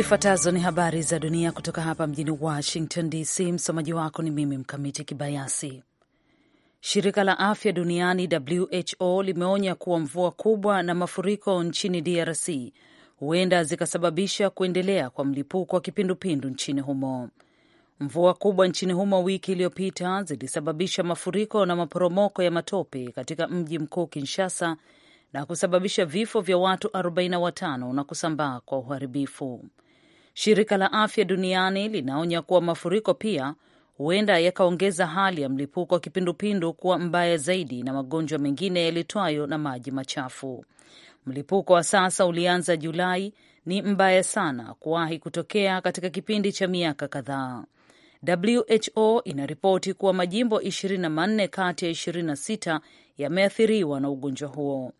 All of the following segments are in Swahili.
Zifuatazo ni habari za dunia kutoka hapa mjini Washington DC. Msomaji wako ni mimi Mkamiti Kibayasi. Shirika la afya duniani WHO limeonya kuwa mvua kubwa na mafuriko nchini DRC huenda zikasababisha kuendelea kwa mlipuko wa kipindupindu nchini humo. Mvua kubwa nchini humo wiki iliyopita zilisababisha mafuriko na maporomoko ya matope katika mji mkuu Kinshasa na kusababisha vifo vya watu 45 na kusambaa kwa uharibifu. Shirika la Afya Duniani linaonya kuwa mafuriko pia huenda yakaongeza hali ya mlipuko wa kipindupindu kuwa mbaya zaidi na magonjwa mengine yalitwayo na maji machafu. Mlipuko wa sasa ulianza Julai, ni mbaya sana kuwahi kutokea katika kipindi cha miaka kadhaa. WHO inaripoti kuwa majimbo 24 kati ya 26 yameathiriwa na ugonjwa huo.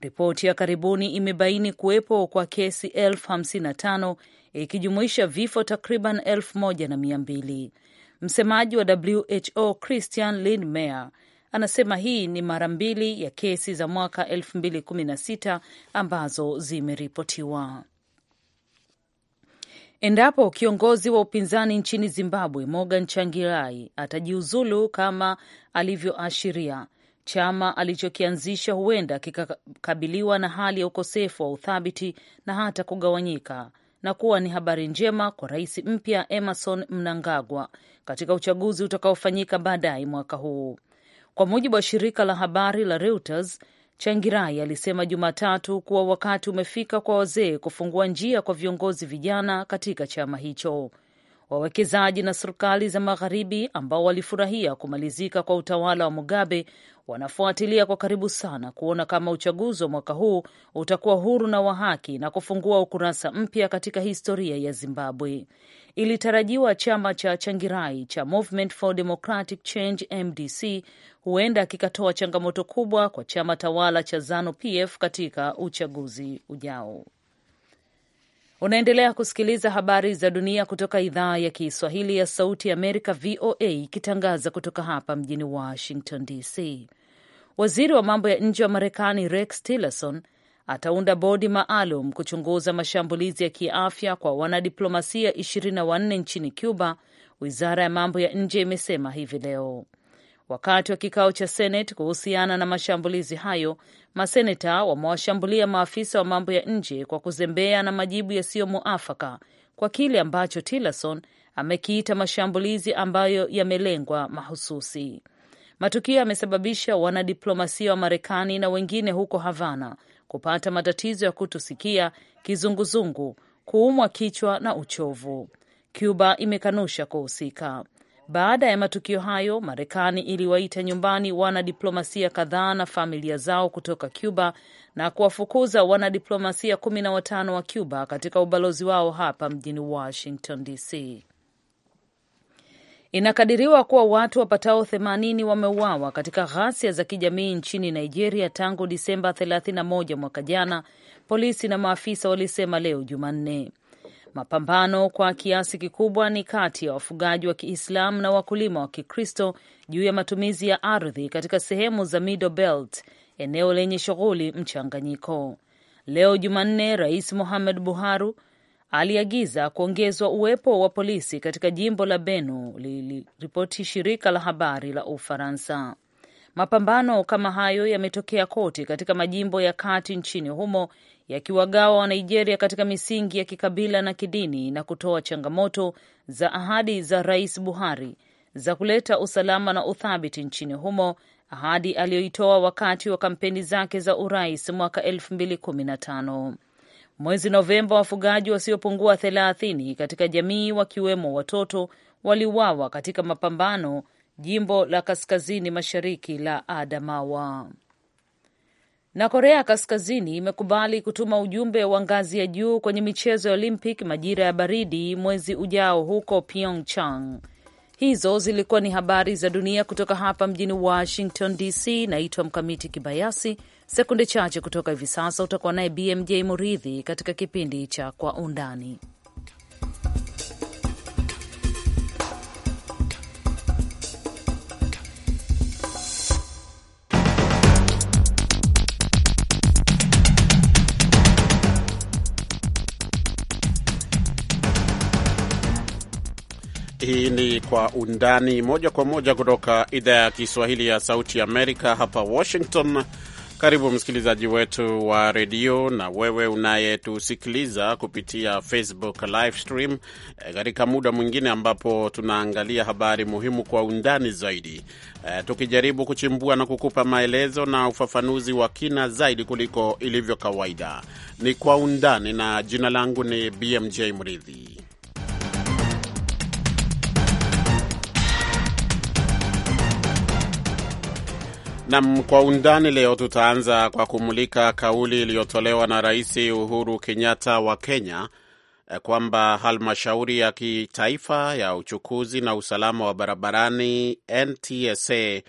Ripoti ya karibuni imebaini kuwepo kwa kesi elfu 55 ikijumuisha vifo takriban elfu moja na mia mbili. Msemaji wa WHO Christian Lindmeier anasema hii ni mara mbili ya kesi za mwaka 2016 ambazo zimeripotiwa. Endapo kiongozi wa upinzani nchini Zimbabwe Morgan Changirai atajiuzulu kama alivyoashiria, chama alichokianzisha huenda kikakabiliwa na hali ya ukosefu wa uthabiti na hata kugawanyika, na kuwa ni habari njema kwa rais mpya Emerson Mnangagwa katika uchaguzi utakaofanyika baadaye mwaka huu. Kwa mujibu wa shirika la habari la Reuters, Changirai alisema Jumatatu kuwa wakati umefika kwa wazee kufungua njia kwa viongozi vijana katika chama hicho. Wawekezaji na serikali za magharibi ambao walifurahia kumalizika kwa utawala wa Mugabe wanafuatilia kwa karibu sana kuona kama uchaguzi wa mwaka huu utakuwa huru na wa haki na kufungua ukurasa mpya katika historia ya Zimbabwe. Ilitarajiwa chama cha Changirai cha Movement for Democratic Change MDC huenda kikatoa changamoto kubwa kwa chama tawala cha Zanu PF katika uchaguzi ujao. Unaendelea kusikiliza habari za dunia kutoka idhaa ya Kiswahili ya Sauti ya Amerika, VOA, ikitangaza kutoka hapa mjini Washington DC. Waziri wa mambo ya nje wa Marekani Rex Tillerson ataunda bodi maalum kuchunguza mashambulizi ya kiafya kwa wanadiplomasia 24 nchini Cuba, wizara ya mambo ya nje imesema hivi leo. Wakati wa kikao cha Senate kuhusiana na mashambulizi hayo, maseneta wamewashambulia maafisa wa mambo ya nje kwa kuzembea na majibu yasiyo muafaka kwa kile ambacho Tillerson amekiita mashambulizi ambayo yamelengwa mahususi. Matukio yamesababisha wanadiplomasia wa Marekani na wengine huko Havana kupata matatizo ya kutusikia, kizunguzungu, kuumwa kichwa na uchovu. Cuba imekanusha kuhusika. Baada ya matukio hayo, Marekani iliwaita nyumbani wanadiplomasia kadhaa na familia zao kutoka Cuba na kuwafukuza wanadiplomasia kumi na watano wa Cuba katika ubalozi wao hapa mjini Washington DC. Inakadiriwa kuwa watu wapatao 80 wameuawa katika ghasia za kijamii nchini Nigeria tangu Disemba 31 mwaka jana, polisi na maafisa walisema leo Jumanne. Mapambano kwa kiasi kikubwa ni kati ya wafugaji wa Kiislamu na wakulima wa Kikristo juu ya matumizi ya ardhi katika sehemu za Middle Belt, eneo lenye shughuli mchanganyiko. Leo Jumanne, Rais Muhammad Buhari aliagiza kuongezwa uwepo wa polisi katika jimbo la benu liliripoti shirika la habari la Ufaransa. Mapambano kama hayo yametokea kote katika majimbo ya kati nchini humo yakiwagawa Wanigeria katika misingi ya kikabila na kidini na kutoa changamoto za ahadi za Rais Buhari za kuleta usalama na uthabiti nchini humo, ahadi aliyoitoa wakati wa kampeni zake za urais mwaka 2015. Mwezi Novemba, wafugaji wasiopungua 30 katika jamii wakiwemo watoto waliuawa katika mapambano jimbo la kaskazini mashariki la Adamawa na Korea Kaskazini imekubali kutuma ujumbe wa ngazi ya juu kwenye michezo ya Olympic majira ya baridi mwezi ujao huko Pyeongchang. Hizo zilikuwa ni habari za dunia kutoka hapa mjini Washington DC. Naitwa Mkamiti Kibayasi. Sekunde chache kutoka hivi sasa utakuwa naye BMJ Muridhi katika kipindi cha Kwa Undani. kwa undani moja kwa moja kutoka idhaa ya Kiswahili ya Sauti Amerika hapa Washington. Karibu msikilizaji wetu wa redio na wewe unayetusikiliza kupitia Facebook live stream eh, katika e, muda mwingine ambapo tunaangalia habari muhimu kwa undani zaidi e, tukijaribu kuchimbua na kukupa maelezo na ufafanuzi wa kina zaidi kuliko ilivyo kawaida. Ni kwa undani, na jina langu ni BMJ Mridhi. Nam, kwa undani leo tutaanza kwa kumulika kauli iliyotolewa na Rais Uhuru Kenyatta wa Kenya eh, kwamba halmashauri ya kitaifa ya uchukuzi na usalama wa barabarani NTSA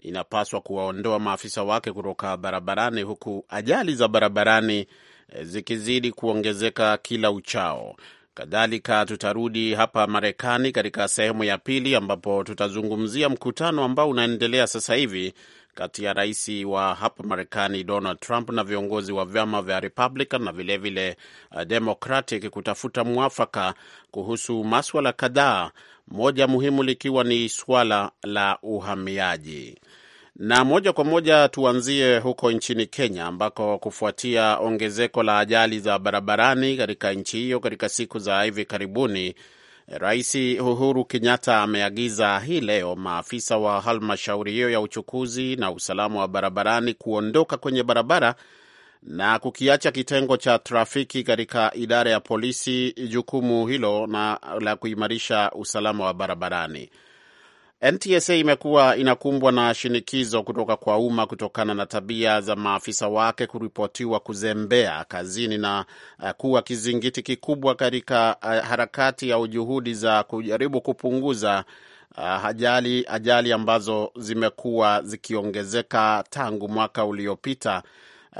inapaswa kuwaondoa maafisa wake kutoka barabarani, huku ajali za barabarani eh, zikizidi kuongezeka kila uchao. Kadhalika tutarudi hapa Marekani katika sehemu ya pili ambapo tutazungumzia mkutano ambao unaendelea sasa hivi kati ya rais wa hapa Marekani Donald Trump na viongozi wa vyama vya Republican na vilevile vile uh, Democratic kutafuta mwafaka kuhusu maswala kadhaa, moja muhimu likiwa ni swala la uhamiaji. Na moja kwa moja tuanzie huko nchini Kenya ambako kufuatia ongezeko la ajali za barabarani katika nchi hiyo katika siku za hivi karibuni Rais Uhuru Kenyatta ameagiza hii leo maafisa wa halmashauri hiyo ya uchukuzi na usalama wa barabarani kuondoka kwenye barabara na kukiacha kitengo cha trafiki katika idara ya polisi jukumu hilo na la kuimarisha usalama wa barabarani. NTSA imekuwa inakumbwa na shinikizo kutoka kwa umma kutokana na tabia za maafisa wake kuripotiwa kuzembea kazini na eh, kuwa kizingiti kikubwa katika eh, harakati au juhudi za kujaribu kupunguza eh, ajali, ajali ambazo zimekuwa zikiongezeka tangu mwaka uliopita.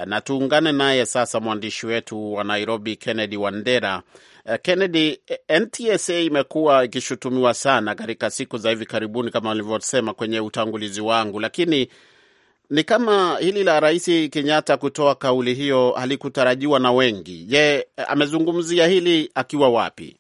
Na tuungane naye sasa mwandishi wetu wa Nairobi Kennedy Wandera Eh, Kennedy, eh, NTSA imekuwa ikishutumiwa sana katika siku za hivi karibuni, kama nilivyosema kwenye utangulizi wangu, lakini ni kama hili la Rais Kenyatta kutoa kauli hiyo halikutarajiwa na wengi. Je, eh, amezungumzia hili akiwa wapi?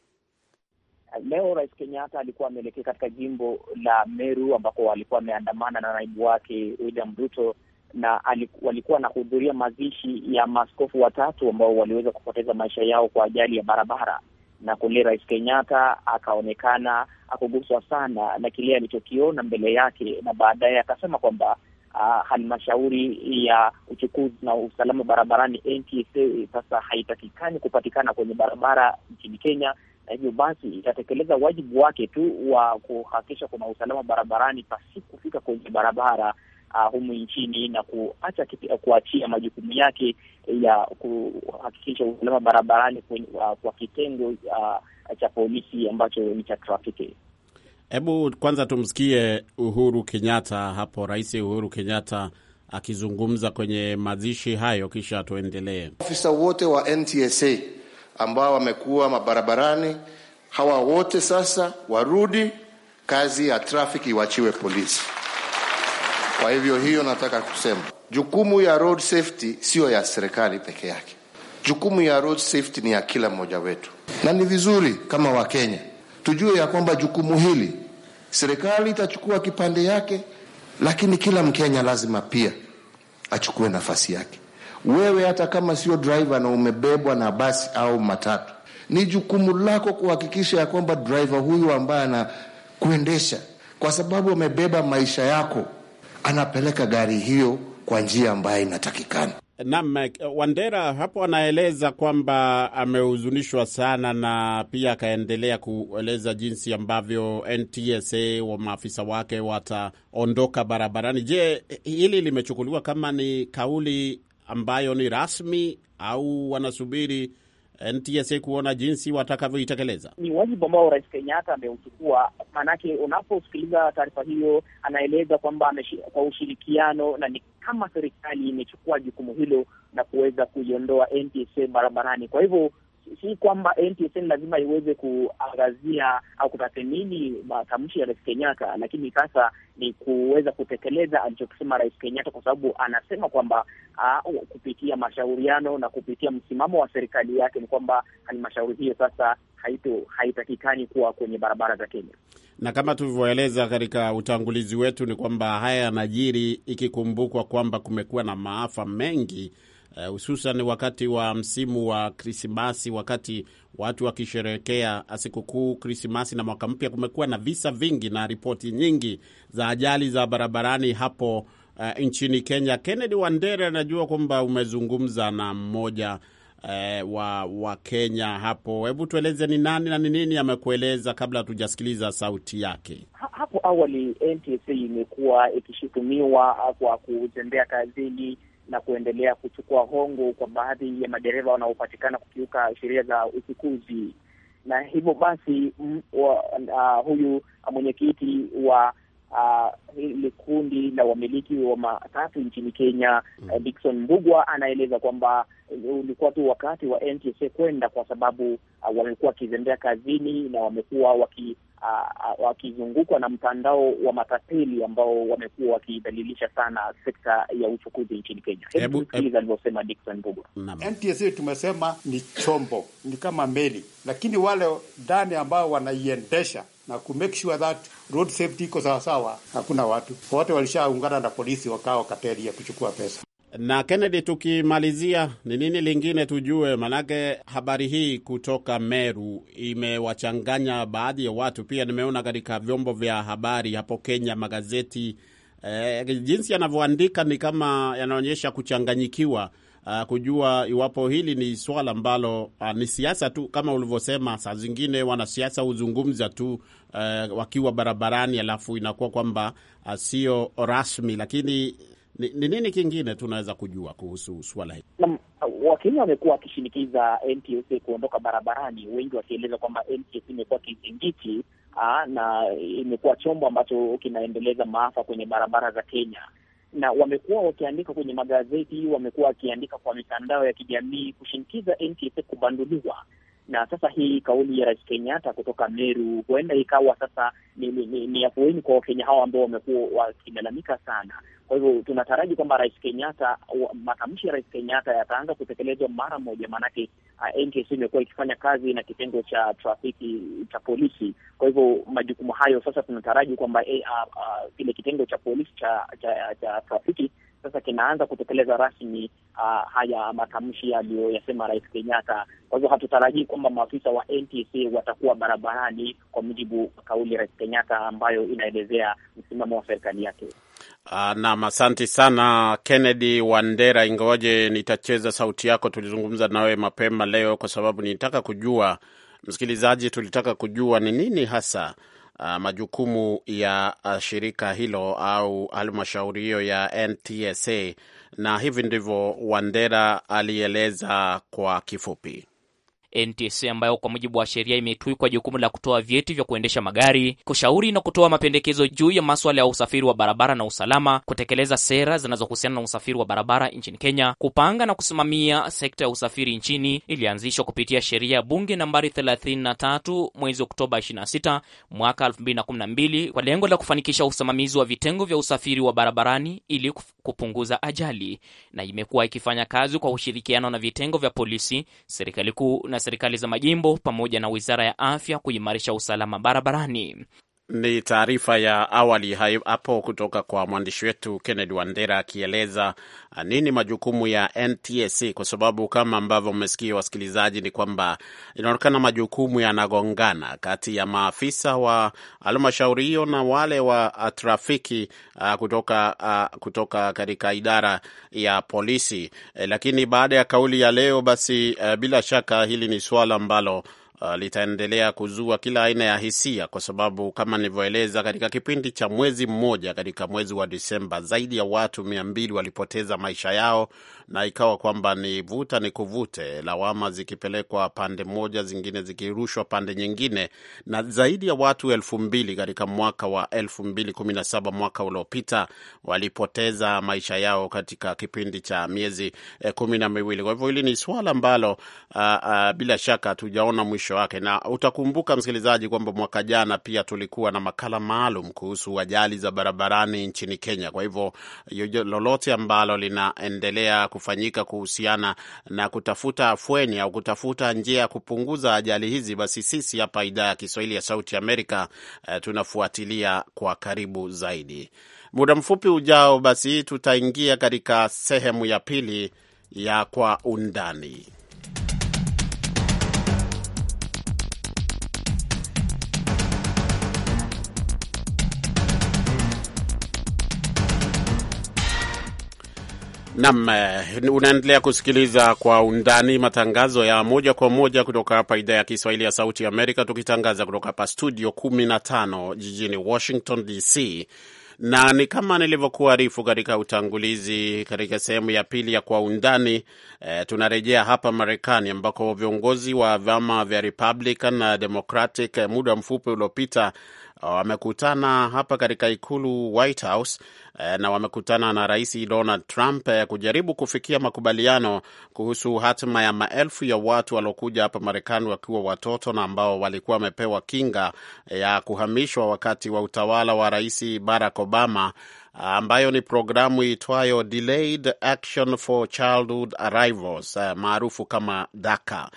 Leo Rais Kenyatta alikuwa ameelekea katika jimbo la Meru ambako alikuwa ameandamana na naibu wake William Ruto na walikuwa wanahudhuria mazishi ya maskofu watatu ambao waliweza kupoteza maisha yao kwa ajali ya barabara, na kule Rais Kenyatta akaonekana akuguswa sana na kile alichokiona mbele yake, na baadaye akasema kwamba uh, halmashauri ya uchukuzi na usalama barabarani NTSA sasa haitakikani kupatikana kwenye barabara nchini Kenya na hivyo basi itatekeleza wajibu wake tu wa kuhakikisha kuna usalama barabarani pasi kufika kwenye barabara uh, humu nchini na kuacha kuachia majukumu yake ya kuhakikisha usalama barabarani kwa, uh, kwa kitengo uh, cha polisi ambacho ni cha trafiki. Hebu kwanza tumsikie Uhuru Kenyatta hapo, Rais Uhuru Kenyatta akizungumza kwenye mazishi hayo, kisha tuendelee. Afisa wote wa NTSA ambao wamekuwa mabarabarani, hawa wote sasa warudi kazi ya trafiki, iwachiwe polisi. Kwa hivyo hiyo nataka kusema jukumu ya road safety siyo ya serikali peke yake. Jukumu ya road safety ni ya kila mmoja wetu, na ni vizuri kama Wakenya tujue ya kwamba jukumu hili serikali itachukua kipande yake, lakini kila Mkenya lazima pia achukue nafasi yake. Wewe hata kama sio driver na umebebwa na basi au matatu, ni jukumu lako kuhakikisha ya kwamba driver huyu ambaye anakuendesha, kwa sababu amebeba maisha yako anapeleka gari hiyo kwa njia ambayo inatakikana. Naam, eh, Wandera hapo anaeleza kwamba amehuzunishwa sana, na pia akaendelea kueleza jinsi ambavyo NTSA wa maafisa wake wataondoka barabarani. Je, hili limechukuliwa kama ni kauli ambayo ni rasmi au wanasubiri NTSA kuona jinsi watakavyoitekeleza. Ni wajibu ambao Rais Kenyatta ameuchukua, maanake unaposikiliza taarifa hiyo anaeleza kwamba kwa ushirikiano na ni kama serikali imechukua jukumu hilo na kuweza kuiondoa NTSA barabarani. Kwa hivyo si kwamba NTSN lazima iweze kuangazia au kutathmini matamshi ya Rais Kenyatta, lakini sasa ni kuweza kutekeleza alichokisema Rais Kenyatta, kwa sababu anasema kwamba kupitia mashauriano na kupitia msimamo wa serikali yake ni kwamba halmashauri hiyo sasa haitakikani kuwa kwenye barabara za Kenya. Na kama tulivyoeleza katika utangulizi wetu, ni kwamba haya yanajiri ikikumbukwa kwamba kumekuwa na maafa mengi Eh, hususan uh, wakati wa msimu wa Krismasi, wakati watu wakisherehekea sikukuu Krismasi na mwaka mpya, kumekuwa na visa vingi na ripoti nyingi za ajali za barabarani hapo uh, nchini Kenya. Kennedy Wandera, anajua kwamba umezungumza na mmoja uh, wa, wa Kenya hapo. Hebu tueleze ni nani na ni nini amekueleza kabla hatujasikiliza sauti yake. hapo awali NTSA imekuwa ikishutumiwa kwa kutembea kazini na kuendelea kuchukua hongo kwa baadhi ya madereva wanaopatikana kukiuka sheria za uchukuzi. Na hivyo basi wa, uh, huyu mwenyekiti wa uh, hili kundi la wamiliki wa matatu nchini Kenya mm. Eh, Dickson Mbugwa anaeleza kwamba ulikuwa tu wakati wa NTSA kwenda kwa sababu uh, wamekuwa wakizembea kazini na wamekuwa waki wakizungukwa na mtandao wa matapeli ambao wamekuwa wakidhalilisha sana sekta ya uchukuzi nchini Kenya. Hebu sikiliza alivyosema Dickson Mbugo. NTSA tumesema ni chombo, ni kama meli, lakini wale ndani ambao wanaiendesha na ku make sure that road safety iko sawasawa, hakuna watu wote walishaungana na polisi wakawa kateli ya kuchukua pesa. Na Kennedy, tukimalizia ni nini lingine tujue, manake habari hii kutoka Meru imewachanganya baadhi ya watu. Pia nimeona katika vyombo vya habari hapo Kenya magazeti eh, jinsi yanavyoandika ni kama yanaonyesha kuchanganyikiwa, uh, kujua iwapo hili ni swala ambalo uh, ni siasa tu kama ulivyosema. Saa zingine wanasiasa huzungumza tu uh, wakiwa barabarani, alafu inakuwa kwamba uh, sio rasmi, lakini ni, nini kingine tunaweza kujua kuhusu swala hili? Uh, Wakenya wamekuwa wakishinikiza NTSA kuondoka barabarani, wengi wakieleza kwamba NTSA imekuwa kizingiti ah, na imekuwa chombo ambacho kinaendeleza maafa kwenye barabara za Kenya, na wamekuwa wakiandika kwenye magazeti, wamekuwa wakiandika kwa mitandao ya kijamii kushinikiza NTSA kubanduliwa na sasa hii kauli ya Rais Kenyatta kutoka Meru huenda ikawa sasa ni, ni, ni, ni afueni kwa Wakenya hao ambao wamekuwa wakilalamika sana. Kwa hivyo tunataraji kwamba Rais Kenyatta, matamshi ya Rais Kenyatta yataanza kutekelezwa mara moja, maanake uh, NTSA imekuwa ikifanya kazi na kitengo cha trafiki cha polisi. Kwa hivyo majukumu hayo sasa tunataraji kwamba uh, uh, kile kitengo cha polisi cha, cha, cha trafiki sasa kinaanza kutekeleza rasmi uh, haya matamshi aliyoyasema Rais Kenyatta. Kwa hivyo hatutarajii kwamba maafisa wa NTC watakuwa barabarani, kwa mujibu wa kauli Rais Kenyatta ambayo inaelezea msimamo wa serikali yake. Uh, ah, nam asante sana Kennedy Wandera, ingawaje nitacheza sauti yako. Tulizungumza nawe mapema leo kwa sababu nilitaka kujua, msikilizaji, tulitaka kujua ni nini hasa uh, majukumu ya uh, shirika hilo au halmashauri hiyo ya NTSA, na hivi ndivyo Wandera alieleza kwa kifupi. NTSA ambayo kwa mujibu wa sheria imetuikwa jukumu la kutoa vyeti vya kuendesha magari, kushauri na kutoa mapendekezo juu ya maswala ya usafiri wa barabara na usalama, kutekeleza sera zinazohusiana na usafiri wa barabara nchini Kenya, kupanga na kusimamia sekta ya usafiri nchini, ilianzishwa kupitia sheria ya bunge nambari 33 mwezi Oktoba 26 mwaka 2012 kwa lengo la kufanikisha usimamizi wa vitengo vya usafiri wa barabarani ili kupunguza ajali, na imekuwa ikifanya kazi kwa ushirikiano na vitengo vya polisi, serikali kuu na serikali za majimbo pamoja na Wizara ya Afya kuimarisha usalama barabarani. Ni taarifa ya awali hapo kutoka kwa mwandishi wetu Kennedy Wandera akieleza uh, nini majukumu ya NTSC, kwa sababu kama ambavyo mmesikia wasikilizaji, ni kwamba inaonekana majukumu yanagongana kati ya maafisa wa halmashauri hiyo na wale wa uh, trafiki uh, kutoka, kutoka katika idara ya polisi. Eh, lakini baada ya kauli ya leo, basi bila shaka hili ni suala ambalo uh, litaendelea kuzua kila aina ya hisia, kwa sababu kama nilivyoeleza, katika kipindi cha mwezi mmoja, katika mwezi wa Disemba, zaidi ya watu mia mbili walipoteza maisha yao, na ikawa kwamba ni vuta ni kuvute, lawama zikipelekwa pande moja, zingine zikirushwa pande nyingine, na zaidi ya watu elfu mbili katika mwaka wa elfu mbili kumi na saba mwaka uliopita walipoteza maisha yao katika kipindi cha miezi eh, kumi na miwili. Kwa hivyo hili ni swala ambalo uh, uh, bila shaka hatujaona mwisho mwisho wake. Na utakumbuka msikilizaji, kwamba mwaka jana pia tulikuwa na makala maalum kuhusu ajali za barabarani nchini Kenya. Kwa hivyo lolote ambalo linaendelea kufanyika kuhusiana na kutafuta afweni au kutafuta njia ya kupunguza ajali hizi, basi sisi hapa idhaa ya Kiswahili ya Sauti Amerika eh, tunafuatilia kwa karibu zaidi. Muda mfupi ujao, basi tutaingia katika sehemu ya pili ya kwa undani. nam eh, unaendelea kusikiliza kwa undani matangazo ya moja kwa moja kutoka hapa idhaa ya Kiswahili ya Sauti ya Amerika, tukitangaza kutoka hapa studio 15 jijini Washington DC, na ni kama nilivyokuarifu katika utangulizi, katika sehemu ya pili ya kwa undani e, tunarejea hapa Marekani ambako viongozi wa vyama vya Republican na Democratic eh, muda mfupi uliopita Uh, wamekutana hapa katika ikulu White House uh, na wamekutana na Rais Donald Trump uh, kujaribu kufikia makubaliano kuhusu hatima ya maelfu ya watu waliokuja hapa Marekani wakiwa watoto na ambao walikuwa wamepewa kinga ya kuhamishwa wakati wa utawala wa Rais Barack Obama ambayo ni programu itwayo Delayed Action for Childhood Arrivals maarufu kama DACA.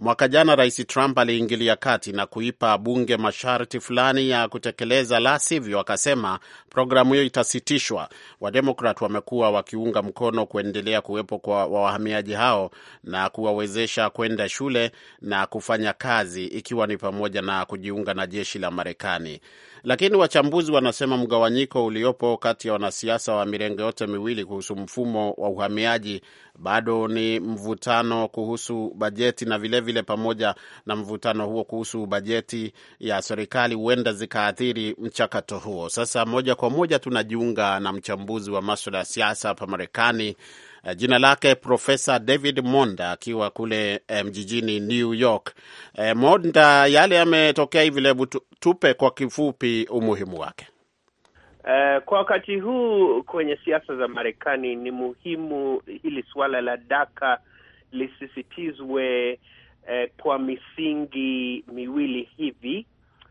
Mwaka jana Rais Trump aliingilia kati na kuipa bunge masharti fulani ya kutekeleza, la sivyo, akasema programu hiyo itasitishwa. Wademokrat wamekuwa wakiunga mkono kuendelea kuwepo kwa wahamiaji hao na kuwawezesha kwenda shule na kufanya kazi, ikiwa ni pamoja na kujiunga na jeshi la Marekani. Lakini wachambuzi wanasema mgawanyiko uliopo kati ya wanasiasa wa mirengo yote miwili kuhusu mfumo wa uhamiaji bado ni mvutano kuhusu bajeti, na vilevile vile pamoja na mvutano huo kuhusu bajeti ya serikali huenda zikaathiri mchakato huo. Sasa moja kwa moja tunajiunga na mchambuzi wa maswala ya siasa hapa Marekani Eh, jina lake Profesa David Monda akiwa kule eh, mjijini New York. Eh, Monda, yale yametokea hivi, hebu tupe kwa kifupi umuhimu wake. Uh, kwa wakati huu kwenye siasa za Marekani ni muhimu hili suala la daka lisisitizwe uh, kwa misingi miwili hivi.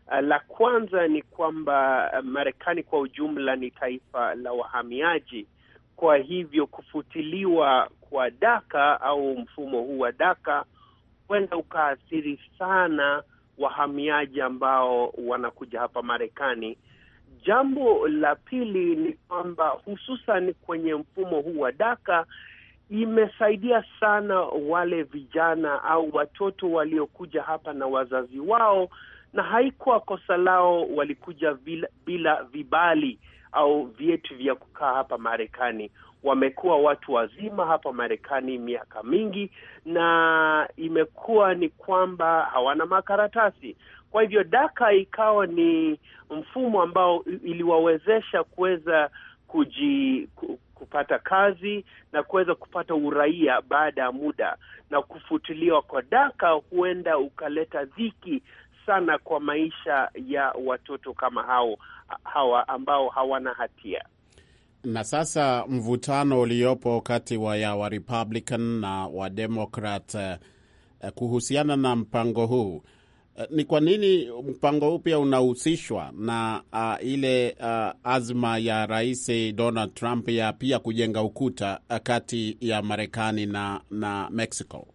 Uh, la kwanza ni kwamba Marekani kwa ujumla ni taifa la wahamiaji kwa hivyo kufutiliwa kwa daka au mfumo huu wa daka huenda ukaathiri sana wahamiaji ambao wanakuja hapa Marekani. Jambo la pili ni kwamba hususan kwenye mfumo huu wa daka imesaidia sana wale vijana au watoto waliokuja hapa na wazazi wao, na haikuwa kosa lao, walikuja bila, bila vibali au vyeti vya kukaa hapa Marekani. Wamekuwa watu wazima hapa Marekani miaka mingi, na imekuwa ni kwamba hawana makaratasi. Kwa hivyo daka ikawa ni mfumo ambao iliwawezesha kuweza kuji kupata kazi na kuweza kupata uraia baada ya muda, na kufutiliwa kwa daka huenda ukaleta dhiki sana kwa maisha ya watoto kama hao hawa ambao hawana hatia. Na sasa mvutano uliopo kati wa ya wa Republican na wa Democrat eh, eh, kuhusiana na mpango huu eh, ni kwa nini mpango huu pia unahusishwa na uh, ile uh, azma ya Rais Donald Trump ya pia kujenga ukuta kati ya Marekani na, na Mexico?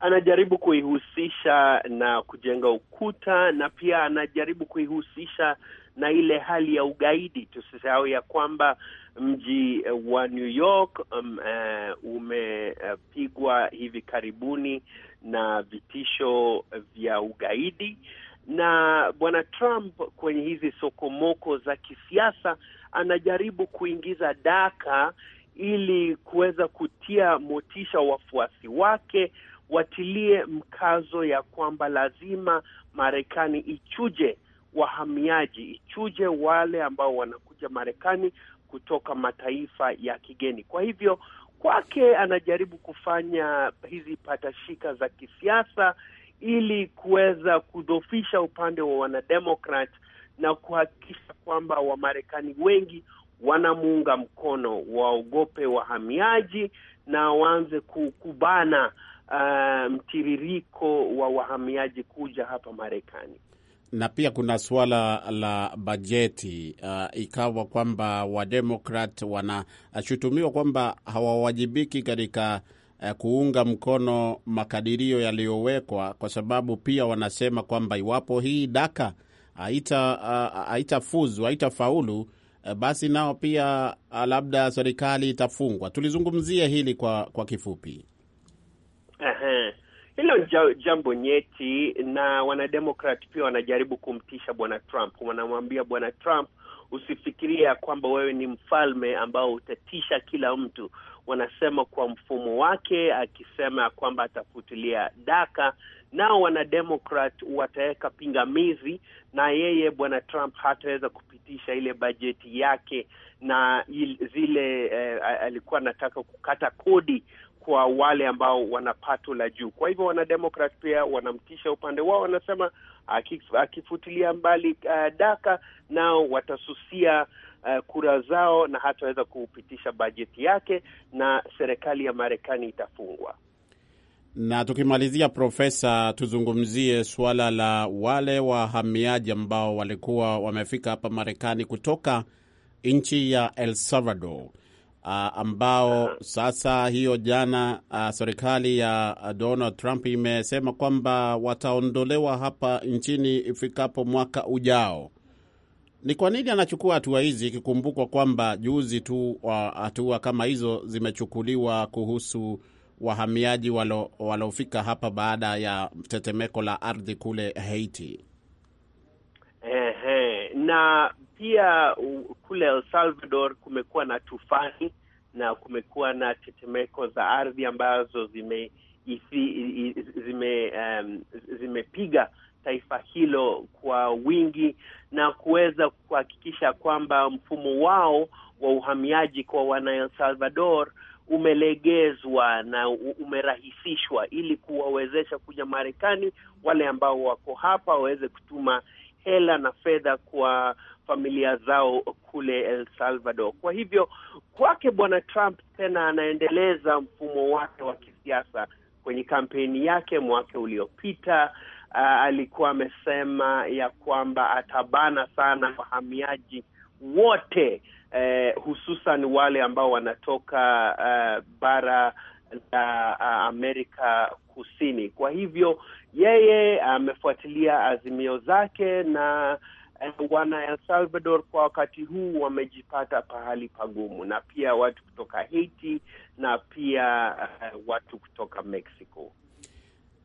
anajaribu kuihusisha na kujenga ukuta na pia anajaribu kuihusisha na ile hali ya ugaidi. Tusisahau ya kwamba mji eh, wa New York um, uh, umepigwa eh, hivi karibuni na vitisho vya ugaidi, na bwana Trump kwenye hizi sokomoko za kisiasa anajaribu kuingiza daka ili kuweza kutia motisha wafuasi wake watilie mkazo ya kwamba lazima Marekani ichuje wahamiaji, ichuje wale ambao wanakuja Marekani kutoka mataifa ya kigeni. Kwa hivyo kwake anajaribu kufanya hizi patashika za kisiasa ili kuweza kudhofisha upande wa wanademokrat na kuhakikisha kwamba Wamarekani wengi wanamuunga mkono, waogope wahamiaji na waanze kukubana mtiririko um, wa wahamiaji kuja hapa Marekani. Na pia kuna suala la bajeti uh, ikawa kwamba wademokrat wanashutumiwa kwamba hawawajibiki katika uh, kuunga mkono makadirio yaliyowekwa, kwa sababu pia wanasema kwamba iwapo hii daka uh, haitafuzu uh, haitafaulu basi nao pia uh, labda serikali itafungwa. Tulizungumzia hili kwa, kwa kifupi. Aha. Hilo jambo nyeti, na wanademokrat pia wanajaribu kumtisha bwana Trump. Wanamwambia bwana Trump, usifikiria kwamba wewe ni mfalme ambao utatisha kila mtu. Wanasema kwa mfumo wake, akisema kwamba atafutilia daka, nao wanademokrat wataweka pingamizi, na yeye bwana Trump hataweza kupitisha ile bajeti yake na zile eh, alikuwa anataka kukata kodi kwa wale ambao wana pato la juu. Kwa hivyo wanademokrat pia wanamtisha upande wao, wanasema akifutilia mbali uh, daka nao watasusia uh, kura zao na hataweza kupitisha bajeti yake na serikali ya Marekani itafungwa. Na tukimalizia, Profesa, tuzungumzie suala la wale wahamiaji ambao walikuwa wamefika hapa Marekani kutoka nchi ya El Salvador uh, ambao sasa hiyo jana uh, serikali ya uh, Donald Trump imesema kwamba wataondolewa hapa nchini ifikapo mwaka ujao. Ni kwa nini anachukua hatua hizi ikikumbukwa kwamba juzi tu uh, hatua kama hizo zimechukuliwa kuhusu wahamiaji walo hapa baada ya tetemeko la ardhi kule Haiti? na pia kule El Salvador kumekuwa na tufani na kumekuwa na tetemeko za ardhi ambazo zime zime um, zimepiga taifa hilo kwa wingi na kuweza kuhakikisha kwamba mfumo wao wa uhamiaji kwa wana El Salvador umelegezwa na umerahisishwa ili kuwawezesha kuja Marekani wale ambao wako hapa waweze kutuma hela na fedha kwa familia zao kule El Salvador. Kwa hivyo kwake Bwana Trump tena anaendeleza mfumo wake wa kisiasa. Kwenye kampeni yake mwaka uliopita, uh, alikuwa amesema ya kwamba atabana sana wahamiaji wote, eh, hususan wale ambao wanatoka uh, bara la Amerika Kusini. Kwa hivyo yeye amefuatilia azimio zake na eh, wana El Salvador kwa wakati huu wamejipata pahali pagumu, na pia watu kutoka Haiti na pia uh, watu kutoka Mexico.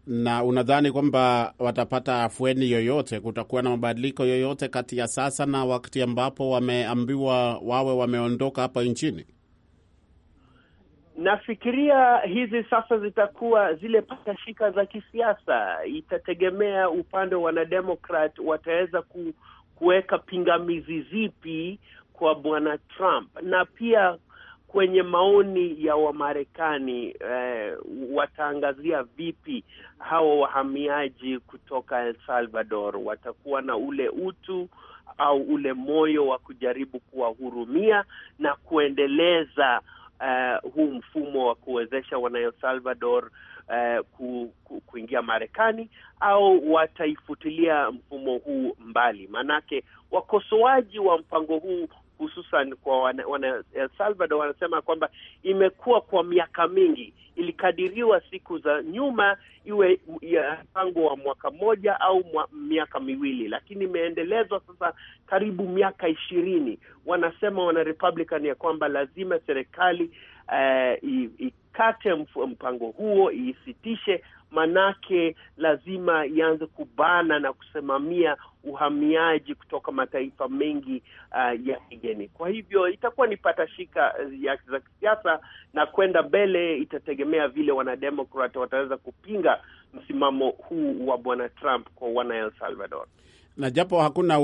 Na unadhani kwamba watapata afueni yoyote? Kutakuwa na mabadiliko yoyote kati ya sasa na wakati ambapo wameambiwa wawe wameondoka hapa nchini? Nafikiria hizi sasa zitakuwa zile patashika za kisiasa. Itategemea upande wa wanademokrat wataweza ku, kuweka pingamizi zipi kwa bwana Trump na pia kwenye maoni ya Wamarekani eh, wataangazia vipi hawa wahamiaji kutoka El Salvador? Watakuwa na ule utu au ule moyo wa kujaribu kuwahurumia na kuendeleza uh, huu mfumo wa kuwezesha wana El Salvador uh, ku, ku, kuingia Marekani au wataifutilia mfumo huu mbali? Maanake wakosoaji wa mpango huu hususan kwa wana, wana, El Salvador wanasema kwamba imekuwa kwa miaka mingi, ilikadiriwa siku za nyuma iwe mpango wa mwaka mmoja au mwa, miaka miwili, lakini imeendelezwa sasa karibu miaka ishirini. Wanasema wana Republican ya kwamba lazima serikali uh, ikate mpango huo iisitishe, manake lazima ianze kubana na kusimamia uhamiaji kutoka mataifa mengi uh, ya kigeni. Kwa hivyo itakuwa ni patashika uh, ya za kisiasa, na kwenda mbele itategemea vile wanademokrat wataweza kupinga msimamo huu wa bwana Trump kwa wana El Salvador na japo hakuna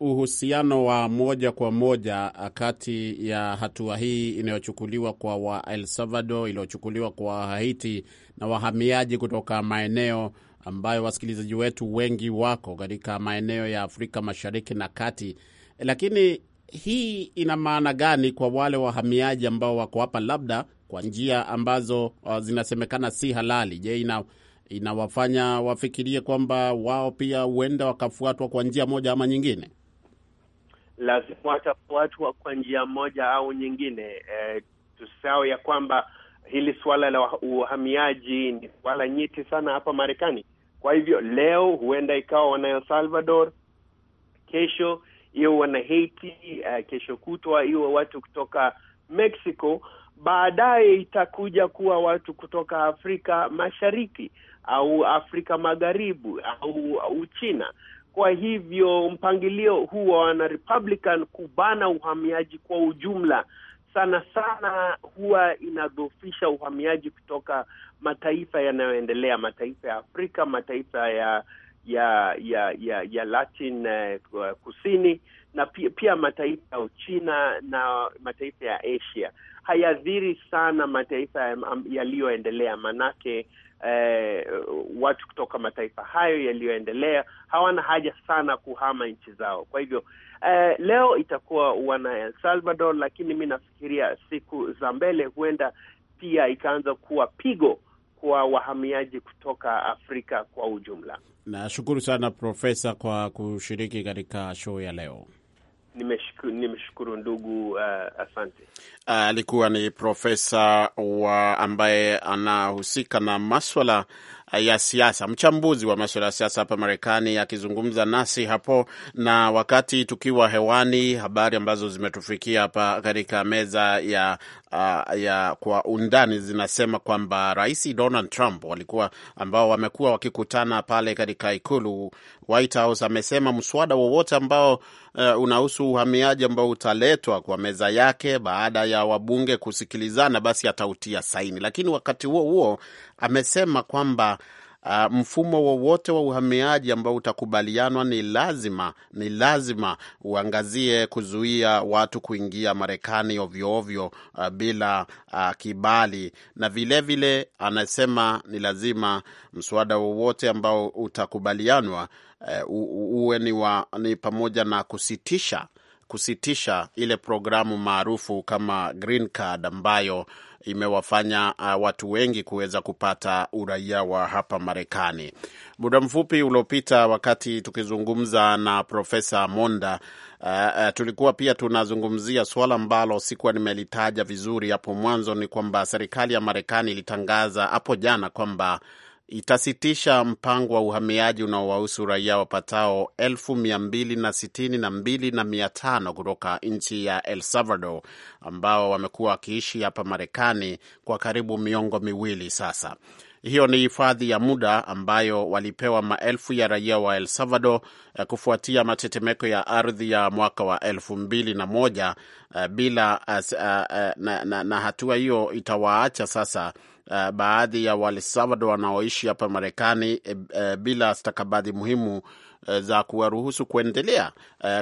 uhusiano wa moja kwa moja uh, kati ya hatua hii inayochukuliwa kwa wa El Salvador iliyochukuliwa kwa Haiti na wahamiaji kutoka maeneo ambayo wasikilizaji wetu wengi wako katika maeneo ya Afrika Mashariki na Kati. Lakini hii ina maana gani kwa wale wahamiaji ambao wako hapa labda kwa njia ambazo uh, zinasemekana si halali? Je, ina inawafanya wafikirie kwamba wao pia huenda wakafuatwa kwa njia moja ama nyingine? Lazima watafuatwa kwa njia moja au nyingine. E, tusao ya kwamba hili suala la uhamiaji ni suala nyeti sana hapa Marekani. Kwa hivyo leo huenda ikawa wana El Salvador, kesho iwe wana Haiti, uh, kesho kutwa iwe watu kutoka Mexico, baadaye itakuja kuwa watu kutoka Afrika Mashariki au Afrika Magharibi au Uchina. Kwa hivyo mpangilio huu wa wana Republican kubana uhamiaji kwa ujumla sana sana huwa inadhoofisha uhamiaji kutoka mataifa yanayoendelea, mataifa ya Afrika, mataifa ya ya ya ya, ya Latin uh, kusini na pia, pia mataifa ya Uchina na mataifa ya Asia hayadhiri sana mataifa yaliyoendelea, manake eh, watu kutoka mataifa hayo yaliyoendelea hawana haja sana kuhama nchi zao. Kwa hivyo eh, leo itakuwa wana El Salvador, lakini mi nafikiria siku za mbele huenda pia ikaanza kuwa pigo kwa wahamiaji kutoka Afrika kwa ujumla. Nashukuru sana Profesa kwa kushiriki katika show ya leo. Nimeshukuru, ndugu. Uh, asante. Uh, alikuwa uh, ni profesa wa ambaye anahusika na maswala Eh, ya siasa, mchambuzi wa maswala ya siasa hapa Marekani, akizungumza nasi hapo na wakati tukiwa hewani. Habari ambazo zimetufikia hapa katika meza ya Uh, ya kwa undani zinasema kwamba Rais Donald Trump walikuwa ambao wamekuwa wakikutana pale katika ikulu White House, amesema mswada wowote ambao uh, unahusu uhamiaji ambao utaletwa kwa meza yake baada ya wabunge kusikilizana, basi atautia saini. Lakini wakati huo huo amesema kwamba uh, mfumo wowote wa, uhamiaji ambao utakubalianwa ni lazima ni lazima uangazie kuzuia watu kuingia Marekani ovyoovyo uh, ah, bila uh, kibali, na vilevile vile, anasema ni lazima mswada wowote ambao utakubalianwa uh, uwe ni, wa, ni pamoja na kusitisha kusitisha ile programu maarufu kama Green Card ambayo imewafanya uh, watu wengi kuweza kupata uraia wa hapa Marekani. Muda mfupi uliopita, wakati tukizungumza na Profesa Monda, uh, uh, tulikuwa pia tunazungumzia suala ambalo sikuwa nimelitaja vizuri hapo mwanzo, ni kwamba serikali ya Marekani ilitangaza hapo jana kwamba itasitisha mpango wa uhamiaji unaowahusu raia wapatao elfu mia mbili na sitini na mbili na mia tano kutoka nchi ya El Salvador ambao wamekuwa wakiishi hapa Marekani kwa karibu miongo miwili sasa. Hiyo ni hifadhi ya muda ambayo walipewa maelfu ya raia wa El Salvador eh, kufuatia matetemeko ya ardhi ya mwaka wa elfu mbili na moja eh, bila eh, na, na, na hatua hiyo itawaacha sasa uh, baadhi ya Wasalvador wanaoishi hapa Marekani eh, eh, bila stakabadhi muhimu za kuwaruhusu kuendelea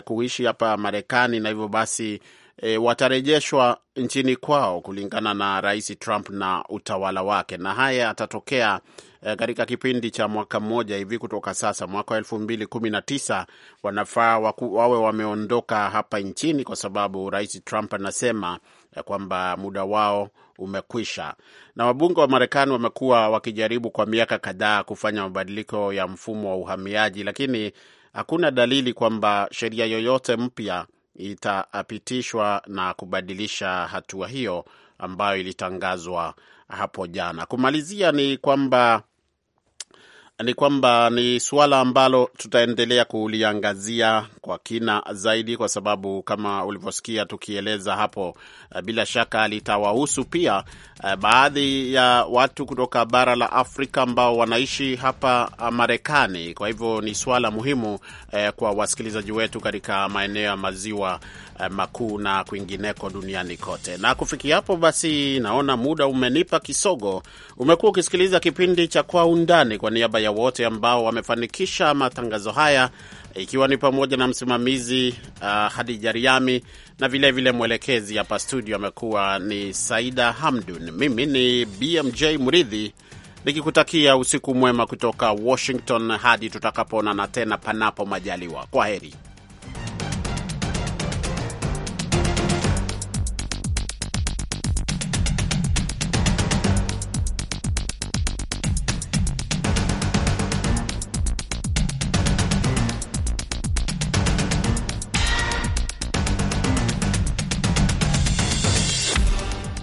kuishi hapa Marekani na hivyo basi E, watarejeshwa nchini kwao kulingana na Rais Trump na utawala wake, na haya yatatokea e, katika kipindi cha mwaka mmoja hivi kutoka sasa. Mwaka wa elfu mbili kumi na tisa wanafaa waku, wawe wameondoka hapa nchini, kwa sababu Rais Trump anasema e, kwamba muda wao umekwisha. Na wabunge wa Marekani wamekuwa wakijaribu kwa miaka kadhaa kufanya mabadiliko ya mfumo wa uhamiaji, lakini hakuna dalili kwamba sheria yoyote mpya itapitishwa na kubadilisha hatua hiyo ambayo ilitangazwa hapo jana. Kumalizia ni kwamba ni kwamba ni suala ambalo tutaendelea kuliangazia kwa kina zaidi, kwa sababu kama ulivyosikia tukieleza hapo, eh, bila shaka litawahusu pia eh, baadhi ya watu kutoka bara la Afrika ambao wanaishi hapa Marekani. Kwa hivyo ni suala muhimu eh, kwa wasikilizaji wetu katika maeneo ya maziwa makuu na kwingineko duniani kote. Na kufikia hapo, basi naona muda umenipa kisogo. Umekuwa ukisikiliza kipindi cha Kwa Undani kwa niaba ya wote ambao wamefanikisha matangazo haya, ikiwa ni pamoja na msimamizi uh, Hadija Riami na vilevile vile mwelekezi hapa studio amekuwa ni Saida Hamdun. Mimi ni BMJ Muridhi nikikutakia usiku mwema kutoka Washington hadi tutakapoonana tena, panapo majaliwa. Kwa heri.